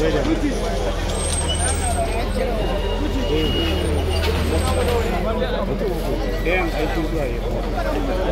Wait a minute.